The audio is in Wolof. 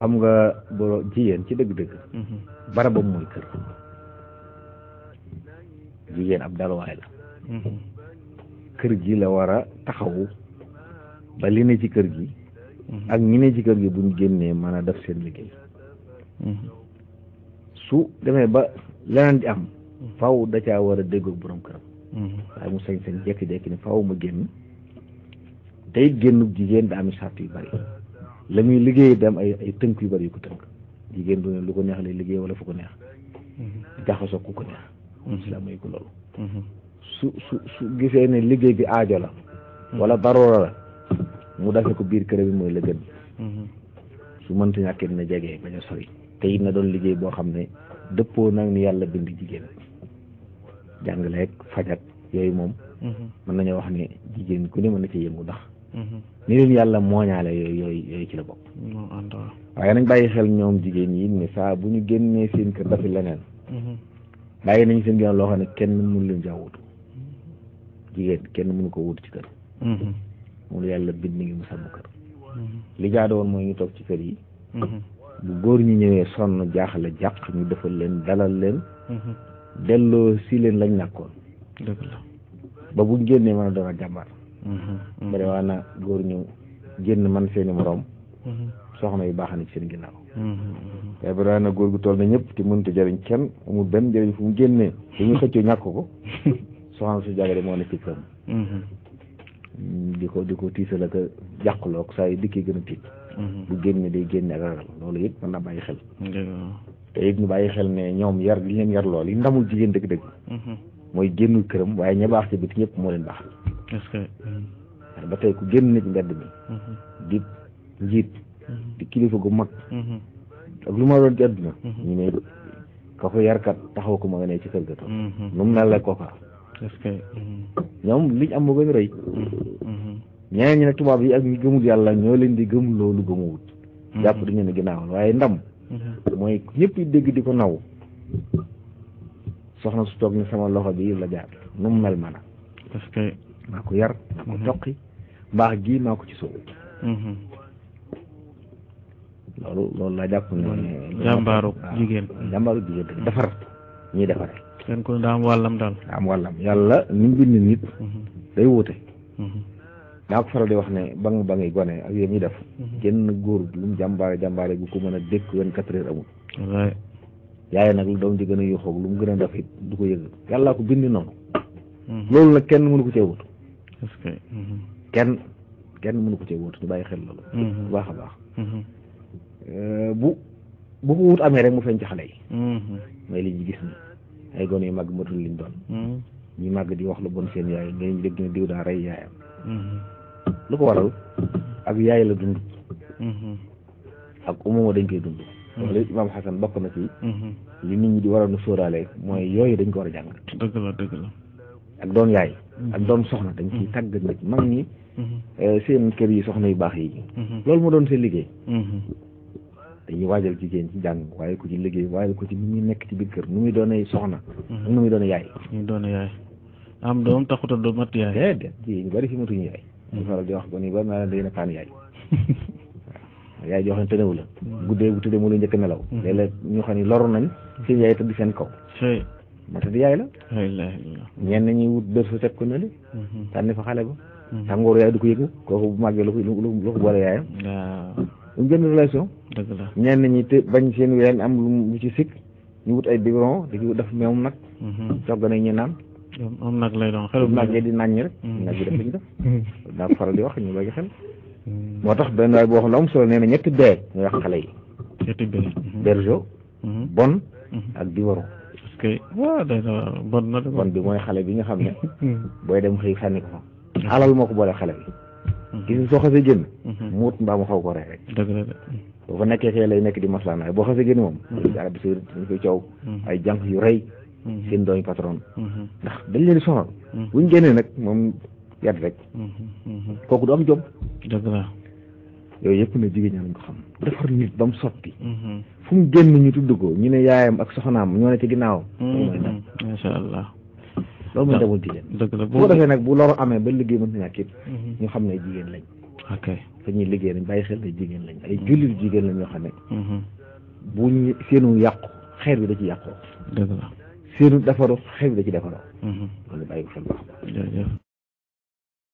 xam nga boro jigéen ci dëgg-dëgg mm-hmm. barabam mooy kër jigéen ab dalwaay la mm-hmm. kër gi la war a taxawu ba li ne ci kër gi mm-hmm. ak ñi ne ci kër gi buñ génnee mën a def seen liggéey su demee ba leneen di am faw da caa war a déggoog borom këram waaye mu sañ-sañ jekki-jekki ni faw ma génn tey génnu jigéen da am yu bari la muy liggéey dem ay ay tënk yu bari yu ko tënk jigéen du ne lu ko neex la liggéey wala fu ko neex mm-hmm. jaxasoo ko ko neex mm-hmm. islam mm-hmm. su su su gisee ne liggéey bi aajo la wala baroora la mu dafe ko biir kër bi mooy la gën su mënta ñàkkee dina jege bañ a te it na doon liggéey boo xam ne dëppoo nag ni yàlla bind jigéen jàngaleeg fajat yooyu moom mën nañoo wax ne jigéen ku ne mën na ci yëngu ndax Mm-hmm. ni leen yàlla mooñaale yooyu yooyu yooyu ci la bokk waaye nañ bàyyi xel ñoom jigéen yi ne saa bu ñu génnee seen kër dafi leneen mm-hmm. bàyyi nañ seen ginnaaw loo xam ne kenn mënu leen caa mm-hmm. jigéen kenn mënu ko wutu ci kër moom la yàlla bind ngi mu sàmm kër li jaado woon mooy ñu toog ci kër yi bu góor ñi ñëwee sonn jaaxle jàq ñu defal leen dalal leen delloo si leen lañ nàkkoon ba bu génnee mën a doon a jàmbaar Mm-hmm. bare waa na góor ñu génn man seeni moroom mm-hmm. soxna yu baax na ci seen ginnaaw waaye mm-hmm. bare waa na góor gu toll na ñëpp te mënut a jëriñ kenn amul benn jëriñ fu mu génnee dañuy xëccoo ñàkk ko soxna su jàggale moo ne ci këram mm, di ko di ko tiisal ak jàqloo ak saa yu dikkee gën a tiit bu génne day génne ak ragal loolu yëpp mën na bàyyi xel te it ñu bàyyi xel ne ñoom yar li leen yar lool yi ndamul jigéen dëgg-dëgg mooy génnul këram waaye ña baax ci biti ñëpp est-ce euh, ba tey ku génn na mbedd bi. Mhm. di njiit. Mhm. di kilifa gu mag. Mhm. ak lu ma doon ci àdduna. ñu ne ka ko yarkat taxaw ko ma nga ne ci kër ga toog. nu mel la liñ am moo gën a yàlla ñoo leen di gëm loolu waaye ndam. mooy ñëpp loxo maa ko yar maa ko toqi mhm. mbaax gii maa ko ci sóobu mhm. loolu loolu laa jàpp ne jàmbaaru jigéen jàmbaaru defar ñuy defaree kenn ku ne daa am wàllam daal daa am wàllam nit mhm. day wuute daa ko faral di wax ne ba nga ba ngay gone ak yéen ñi def genn góor lu mu jàmbaare jàmbaare gu ko mën a dékk vingt quatre heures amul yaay nag lu doom ji gën yuuxoog lu gën a def it du ko yëg yàllaa ko bind noonu loolu nag kenn mënu ko cee wutu Mhm. kenn kenn mënu ko cee wóotu ñu bàyyi xel loolu bu mhm. baax a baax mhm. euh, bu bu ko wut amee rek mu feeñ ci xale yi mooy li ñu gis ni ay gone yu màgg matul liñ doon ñi màgg di wax lu bon seen yaay ngay ñu dégg diw daa rey yaayam lu ko waral ak yaay la dund ak umuma dañ koy dund loolu imaam Xasan bokk na ci li nit ñi di waroon a sóoraale mooy yooyu dañ ko war a jàng dëgg la dëgg la ak doon yaay ak doon soxna dañ ciy tàggat nit mag ñi mm-hmm. euh, seen kër yi soxna yu baax yi mm-hmm. loolu moo doon seen liggéey mm-hmm. dañuy waajal jigéen ci jàng waaye ko ci liggéey waaye ko ci nu muy nekk ci biir kër nu muy doonee soxna ak nu muy doone yaay nu muy doone yaay am doom taxut a mat yaay déedéet jigéen ñu bari fi matuñu yaay ñu faral di wax ko ni bari naa leen day na paan yaay yaay tënewu la guddee bu tëddee mu la njëkk nelaw léeg-léeg xam ne loru nañ seen yaay tëdd seen kaw matadi yaay la ñenn ñi wut dërsu teg ko ne li mhm. tànni fa xale ba mhm. tàngooru yaay du ko yëg kooku bu màggee lu ko lu ko boole yaayam uñ gën relation ñenn ñi te bañ seen ween am lu ci sikk ñu wut ay biberon di ci def meewum nag mhm. togg nañ ñu naan am nag lay doon xelum di naan ñi rek nag faral di wax ñu bàyyi xel moo tax benn waay boo xam ne am solo nee ñetti dee ñu wax xale yi ñetti dee berjo bon ak biberon est-ce que waaw day na bon na de. bon bi mooy xale bi nga xam ne. Hmm. booy dem xëy sànni ko fa. alal moo ko boole xale bi. Hmm. gis nga soo xasee génn. Hmm. muut mbaa mu xaw ko rey rek. dëgg la de. boo fa nekkee xëy lay nekk di maslaan waaye boo xasee génn moom. daal di sori dañ koy coow. ay jànq yu rëy. seen dooñ patron. ndax dañ leen di buñ génnee nag moom yat rek. kooku du am jom. dëgg la. yooyu yëpp ne jigéen ñaa lañ ko xam defar nit ba sotti mm-hmm. fu génn ñu tudd ko ñu ne yaayam ak soxnaam ñoo ne ci ginnaaw mm-hmm. macha allah loolu mooy demul jigéen bu ko defee nag bu loru amee ba liggéey mënta ñàkk it mm-hmm. ñu xam ne jigéen lañ ok te ñuy liggéey nañ bàyyi xel ne jigéen lañ ay jullit jigéen lañ ñoo xam ne bu ñu seenu yàqu xeer bi da ci yàqoo dëgg la seenu defaru xeer bi da ci defaroo